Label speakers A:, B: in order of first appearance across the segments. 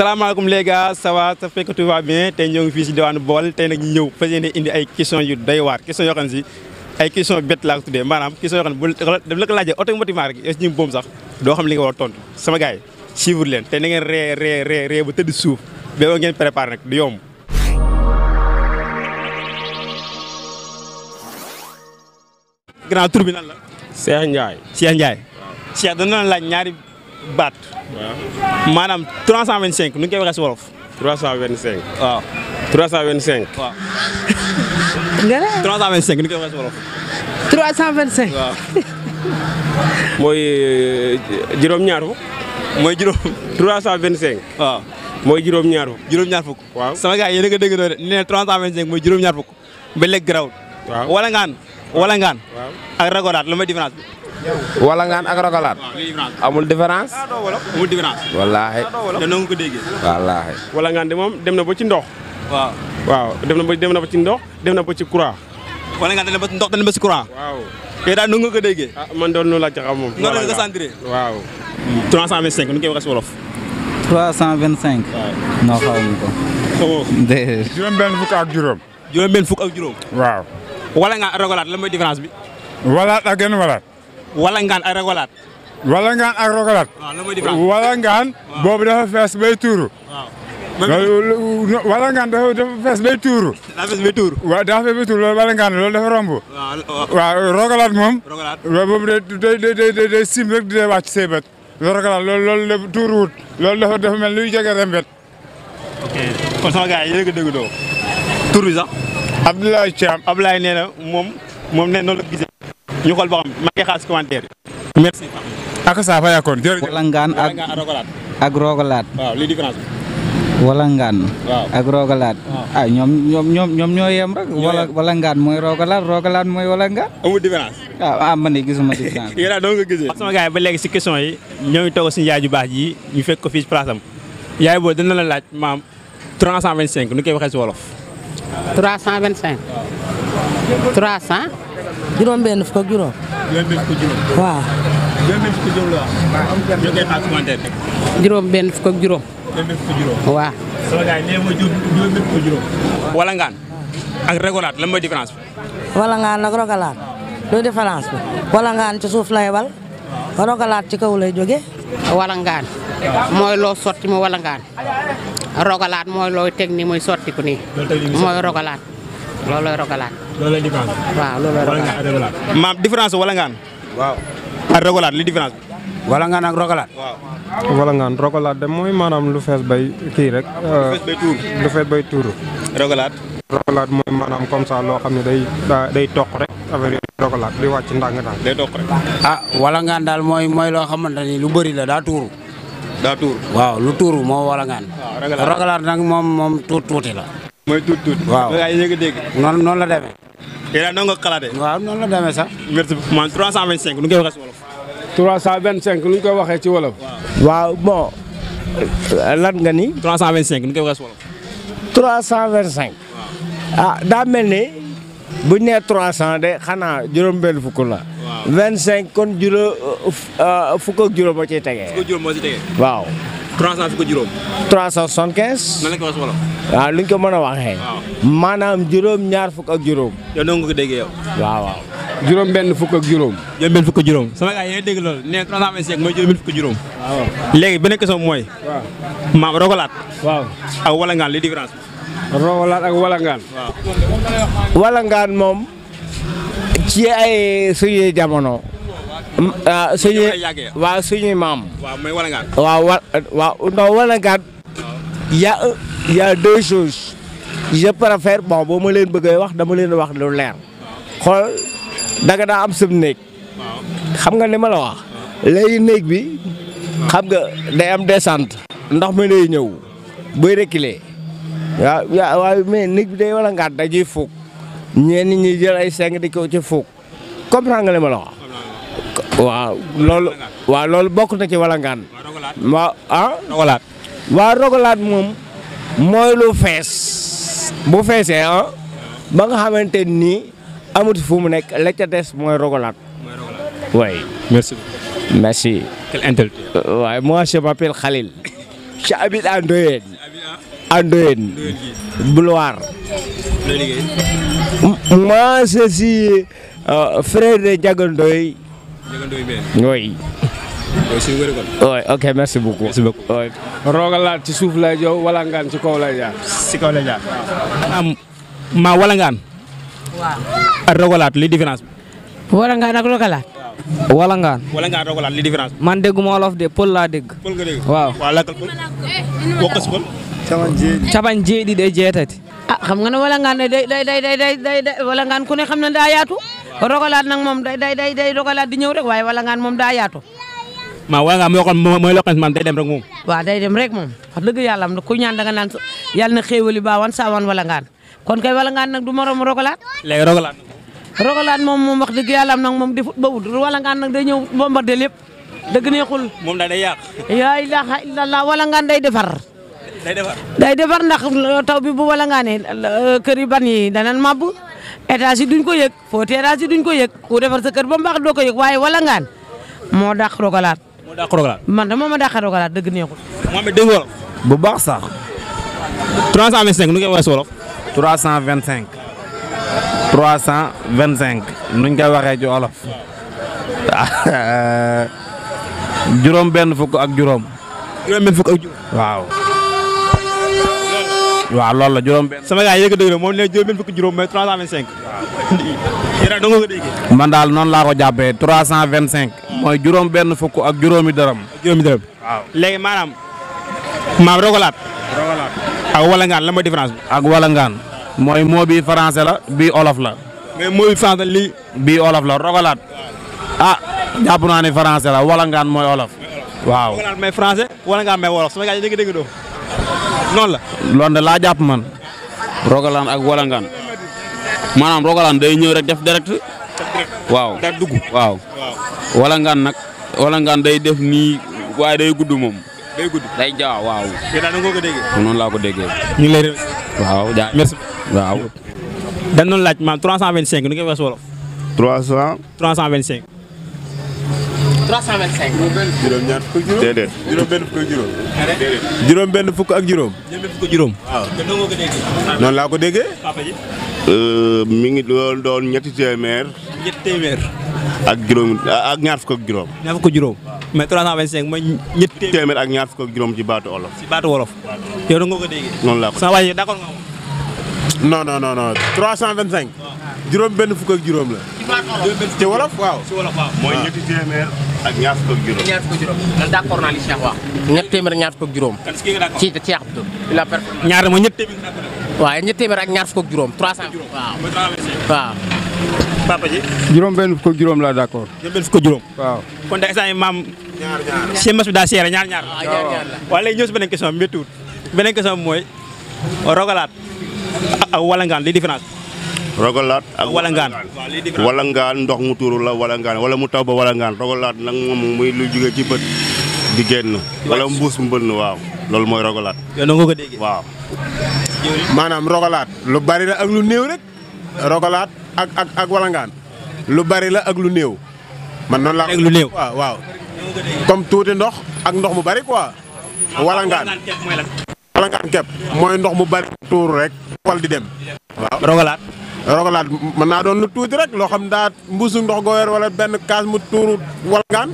A: salaamaaleykum les gars ça va ça fait que tout va bien tey ñoo ngi fii si diwaanu Bawol tey nag ñu ñëw fas yéene indi ay questions yu doy waar questions yoo xam ne si ay questions bett laa ko tuddee maanaam questions yoo xam ne bu daf la ko laajee automatiquement rek yow si ñu boom sax doo xam li nga war a tontu leen tey na ngeen ree ree ree ba tëdd suuf ba ba ngeen préparé nag du yomb.
B: grand tur bi nan la.
A: Cheikh Ndiaye. Cheikh Ndiaye. Cheikh dana laaj ñaari. baat. waaw maanaam 325 nu ñu koy waxee si wolof. 325. waaw. 325. waaw. nga ne. 325 nu ñu koy waxee si wolof. 325. waaw. mooy eh, juróom-ñaar fukk. mooy juróom. 325. waaw. mooy juróom-ñaar fukk. juróom-ñaar fukk. waaw sama gars yéen a ngi dégg doon mooy juróom-ñaar fukk. ba léegi garaawul. waaw wala ngaan. wala ngaan. waaw ak ragodaat la wala ngaan ak rogalaat. amul différence. amul différence. wallaahi. ko déggee. wallaahi. wala ngaan de moom dem na ba ci ndox. waaw waaw dem na ba dem na ba ci ndox dem na ba ci courant. wala ngaan dem na ba ndox dem na ba ci courant. waaw. kay eh, daal ko déggee. ah man doon nu la ca xam moom. nga doon nu ñu koy waxee si wolof. 325. waaw non xamuñu ko. xamoo déedéet. juróom-benn fukk ak juróom. juróom-benn
C: waaw. wala
A: ngaan ak rogalaat mooy différence bi. walaat ak walangaan
C: ak rogalaat. walangaan boobu dafa fees bay tuuru. walangaan dafa fees bay tuuru. dafa fees bay tuuru. waaw dafa fees bay tuuru loolu dafa romb. waaw waaw rogalaat moom. rogalaat loolu boobu day day day day sim rek dafa dafa mel luy jege rembet. ok kon sama gars yi yéen a ngi dégg
A: doo. ñu xool boo xam maa ngi xaar si commentaire
D: yi merci. ak saa fa ak ak roogalaat. waaw ak roogalaat. ah ñoom ñoo yem rek. wala walangaan mooy roogalaat roogalaat mooy walangaan. amul différence. ah ah man de gisuma différence.
A: yéen a doon nga gisee. sama gars yi ba léegi si question yi ñoo ngi si suñu yaay ju baax ji ñu fekk ko fii si place am yaay boobu dina la laaj maam 325 nu koy waxee si wolof. 325. 300. juróom benn fukk ak juróom.
C: juróom ak juróom.
A: waaw. juróom benn ak juróom la wax. ñu koy xaar commentaire bi. juróom benn walangaan ak régolaat lan mooy différence
D: walangaan ak rogalaat loolu différence walangaan ci suuf lay wal. rogalaat ci kaw lay jóge walangaan mooy loo sorti mu walangaan rogalaat mooy looy teg nii muy sotti ku nii. mooy rogalaat. loolu
A: rogalaan. loolooy différence bi. waaw loolooy rogalaan maam différence wala ngaan. waaw ak wala ngaan ak rogalaat. waaw. rogalaat de mooy maanaam lu fees bay kii rek. lu fees euh, bay tuur lu fees bay rogalaat. rogalaat mooy maanaam comme ça
C: loo xam ne day day toq rek affaire yooyu rogalaat di wàcc ndànk daal.
B: day toq rek.
D: ah wala ngaan daal mooy mooy loo xamante ni lu bari la daa tuuru. daa waaw lu tuuru moo wala ngaan. Ah, rogalaat nag moom moom tuut tuuti la.
A: mooy tuut waaw waaye yéen a ngi dégg. noonu noonu la demee. yéen a waaw noonu la demee sax. merci beaucoup man 325 nu ñu koy waxee
D: ci wolof. 325 nu ñu koy waxee ci wolof. waaw moo lan nga
A: ni. 325 nu ñu koy waxee ci wolof.
D: 325. ah daa mel ni bu ñu nee 300 de xanaa juróom-benn fukk la. waaw 25 kon juróom euh, euh, fukk ak juróom moo ciy tegee. fukk waaw.
A: 300 fi ko juróom.
D: 375. nan la ko ko mën a maanaam juróom ñaar fukk ak juróom. yow waaw waaw. juróom benn fukk ak juróom. juróom benn fukk ak juróom. sama gars yéen
A: a dégg loolu nee na 325 mooy juróom benn fukk juróom. waaw léegi beneen mooy. waaw maam rogalaat. waaw ak walangaan li différence
D: bi. rogalaat ak walangaan. waaw. walangaan moom ci ay suñuy ah suñu waaw suñuy maam. waaw mooy walangaan. waaw wa waaw non walangaan. y' a y' a bon boo ma leen bëggee wax dama leen wax lu leer. xool danga daa am sëb néeg. xam nga ni ma la wax. léegi néeg bi. xam nga day am desant ndox mi day ñëw. booy reculer. waaw waaw mais néeg bi day walangaan dañuy fukk. ñenn ñi jël ay seng di ko ci fukk. comprendre nga li ma la wax. waaw lool waaw bokk na ci walangaan. waaw ah. rogalaat moom. mooy lu fees. bu feesee ah. ba nga xamante nii amut fu mu nekk la ca des mooy rogalaat. mooy rogalaat merci beaucoup. merci. quel intellectuel. waaye moi je m'appelle Khalil. j'habite à Ndoyène. Euh, de Diagondoy. oui. oui ok merci beaucoup. merci beaucoup oui. roogalaat ci suuf lay jow walangaan ci kaw lay maa walangaan.
A: waaw. li différence walangaan ak roogalaat. walangaan. man dégguma wolof de pël laa dégg. waaw.
D: caban jéedi. caban jeetati. ah
A: xam nga ne walangaan day day day day day walangaan ku ne xam yaatu. rogalaat nag moom day day day day rogalaat di ñëw rek waaye walangaan moom da yaatu. maa wala ngaa xam mooy loo xam ne day dem rek moom. waaw day dem rek moom wax dëgg yàlla am na ku ñaan danga naan yàlla na xéewali baawan saawan walangaan kon kay walangaan nag du morom rogalaat. léegi rogalaat. rogalaat moom moom wax dëgg yàlla am nag moom defut ba wut walangaan nag day ñëw bombardé lépp dëgg neexul. moom daal day yàq. yaa ilaha illallah walangaan day defar. day defar day defar ndax taw bi bu walangaanee kër yi ban yi danañ màbb. étage yi duñ ko yëg fóote étage yi duñ ko yëg ku defar sa kër ba mu baax doo ko yëg waaye wala ngaan moo dàq rogalaat. moo dàq rogalaat man de moom a dàq rogalaat dëgg neexul. moom it bu baax sax. 325 nu ngeen waxee wolof. 325. 325 nuñ koy waxee ci wolof. juróom benn fukk ak juróom. juróom benn fukk ak juróom. waaw. waaw loolu la juróom benn sama gars yéeg a dëgg moom ne juróom benn fukki juróom mooy 325 yéen a nga ko déggee man daal noonu laa ko jàppee 325 mooy juróom benn fukk ak juróomi dërëm juróomi dërëm waaw léegi maanaam maam rogalaat rogalaat ak walangaan la mooy différence bi ak walangaan mooy moo bii français la bii olof la mais moo bii français lii bii olof la rogalaat ah jàpp naa ne français la walangaan mooy olof waaw rogalaat mooy français walangaan mooy wolof sama gars yi dégg dégg doo noonu la loolu de laa jàpp man. Rogalaan ak Walangaan maanaam Rogalaan day ñëw rek def direct. waaw daal dugg waaw. Walangaan nag Walangaan day def nii waaye day gudd moom. day gudd day jaaw waaw. yéen a ngi ko déggee. noonu laa ko déggee. ñu ngi lay def. waaw jaa merci. waaw. dañu doon laaj maam 325 nu ngeen ko waxee si wolof. 300. 325.
B: 325. juróom-ñaar fukk ak juróom. déedéet
C: juróom-benn fukk ak juróom. déedéet laa ko déggee. papa euh,
B: ngi doon doon ñetti téeméer. ak juróom ak ñaar fukk ak juróom. ñaar fukk ak juróom. mais 325 mooy ñetti téeméer ak ñaar fukk ak juróom ci baatu wolof. ci baatu wolof.
C: yow da nga ko déggee. noonu laa ko déggee sama waa ji d'accord nga non non non non 325. juróom benn fukk ak juróom la. ci wolof waaw waaw. mooy ah. ñetti
A: ñaar fukk juróom. ñaar fukk ak juróom man d'accord naa ñaar fukk ak juróom. kan si kii nga d'accord
D: la perfection
A: juróom 300.
D: waaw waaw. benn fukk juróom laa d'accord. juróom benn fukk juróom. waaw kon
A: de instant yii ñaar ñaar la seen mbas bi daa seere ñaar
B: ah, mooy rogalaat ak li différence rogalaat ak walangaan walangaan ndox mu tuuru la walangaan wala mu taw ba walangaan rogalaat nag moom muy lu jóge ci bët di wala mbuus mu waaw loolu mooy rogalaat
C: ko dégg waaw maanaam rogalaat lu bari la ak lu néew rek rogalaat ak walangaan lu bari la ak lu néew man noonu la ak lu néew waaw tuuti ndox ak ndox mu bari quoi walangaan walangaan mooy ndox mu bari tuuru rek wal di dem rogalaat rogalaat mën naa doon lu tuuti rek loo xam daa mbuusu ndox gooyer wala benn kaas mu tuuru walgaan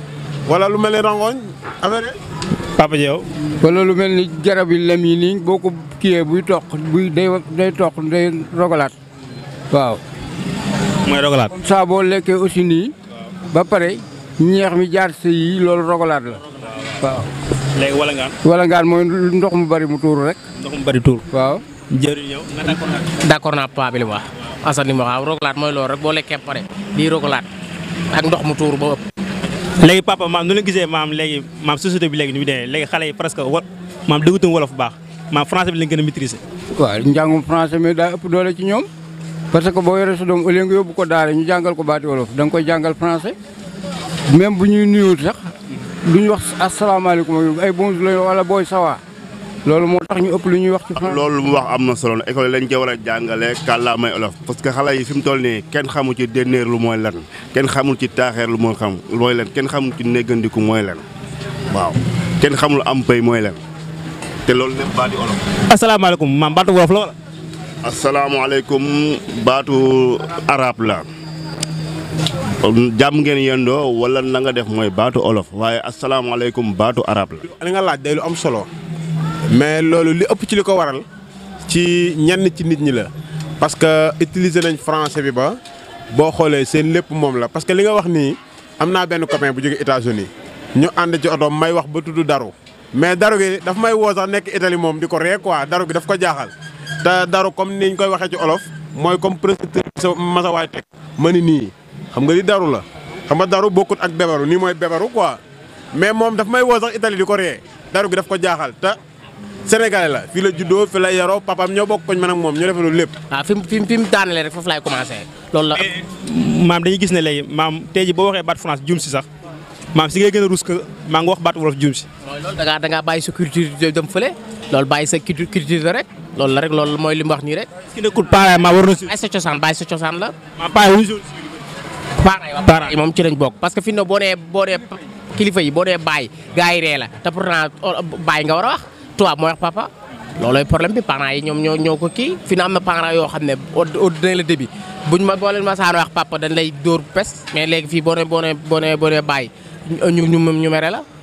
C: wala lu mel ni rongooñ affaire
D: papa Diaw wala lu mel ni jarab yi lem yi nii boo ko kiiyee buy toq buy day day toq day rogalaat waaw. saa boo lekkee aussi nii ba pare ñeex mi jaar sa yi loolu rogalaat la waaw. léegi walangaan. mooy ndox mu bari mu tuuru rek. ndox mu bari tuuru.
A: naa. d'accord naa Assane ni ma waaw roogalaat mooy loolu rek boo lekkee pare lii roogalaat ak ndox mu tuur ba ëpp. léegi papa maam nu la gisee maam léegi maam société bi léegi ñu demee léegi xale yi presque wa maam dëggutum wolof bu baax
D: maam français bi lañ gën a maîtriser. waaw njàngum français mi daa doole ci ñoom parce que boo yore sa doom au lieu nga yóbbu ko daara ñu jàngal ko baati wolof da nga koy jàngal français même bu ñuy nuyuwut sax duñ wax asalaamaaleykum ay bonjour wala booy sawa loolu moo
B: tax ñu ëpp lu ñuy wax ci français. loolu mu wax am na solo école lañ ca war a jàngale kàllaamay olof parce que xale yi fi mu toll nii kenn xamul ci dénneer lu mooy lan kenn xamul ci taaxeer lu mooy xam mooy lan kenn xamul ci néggandiku mooy lan waaw kenn xamul am pay mooy lan te loolu lépp baati olof. asalaamaaleykum maam baatu wolof la wala. asalaamaaleykum baatu arab la. jàmm ngeen yendoo wala nanga def mooy baatu olof waaye asalaamaaleykum baatu arab
C: la. laaj day lu am solo. mais loolu li ëpp ci li ko waral ci ñenn ci nit ñi la parce que utiliser nañ français bi ba boo xoolee seen lépp moom la parce que li nga wax nii am naa benn copain bu jóge États-Unis ñu ànd ci oto may wax ba tuddu daru mais daru gi daf may woo sax nekk Italie moom di ko ree quoi daru gi daf ko jaaxal te daru comme ni ñu koy waxee ci olof mooy comme presque sa masa waay teg ma ni nii xam nga li daru la xam nga daru bokkut ak bebaru nii mooy bebaru quoi mais moom daf may woo sax Italie di ko ree daru daf ko jaaxal te sénégalais la fii la juddoo fi la yaroo papaam ñoo bokk koñ man ak moom ñoo defandoo lépp. waaw ah, fi mu fi mu
D: daanelee rek foofu laay commencé
A: loolu la. Eh, maam dañuy gis ne léegi maam tey jii boo waxee baat France juum si sax maam si nga gën a rus que maa ngi wax baat wolof juum si. mooy loolu ngaa da ngaa bàyyi sa culture dem fële loolu bàyyi sa culture la rek loolu la rek loolu mooy li mu wax nii rek. ki nekkul paaraay maa war na si. bàyyi sa cosaan bàyyi sa cosaan la. maa paaraay moom ci lañ bokk parce que fi mu boo nee boo nee kilifa yi boo nee bàyyi gars yi ree la te oh, bàyyi nga war a tubaab mooy wax papa loolooy problème bi parents yi ñoom ñoo ñoo ko kii fi na am na parents yoo xam ne au au le début buñ ma boo leen ma saan wax papa dañ lay dóor pes mais léegi fii boo nee boo nee boo nee bàyyi
B: ñu ñu mere la.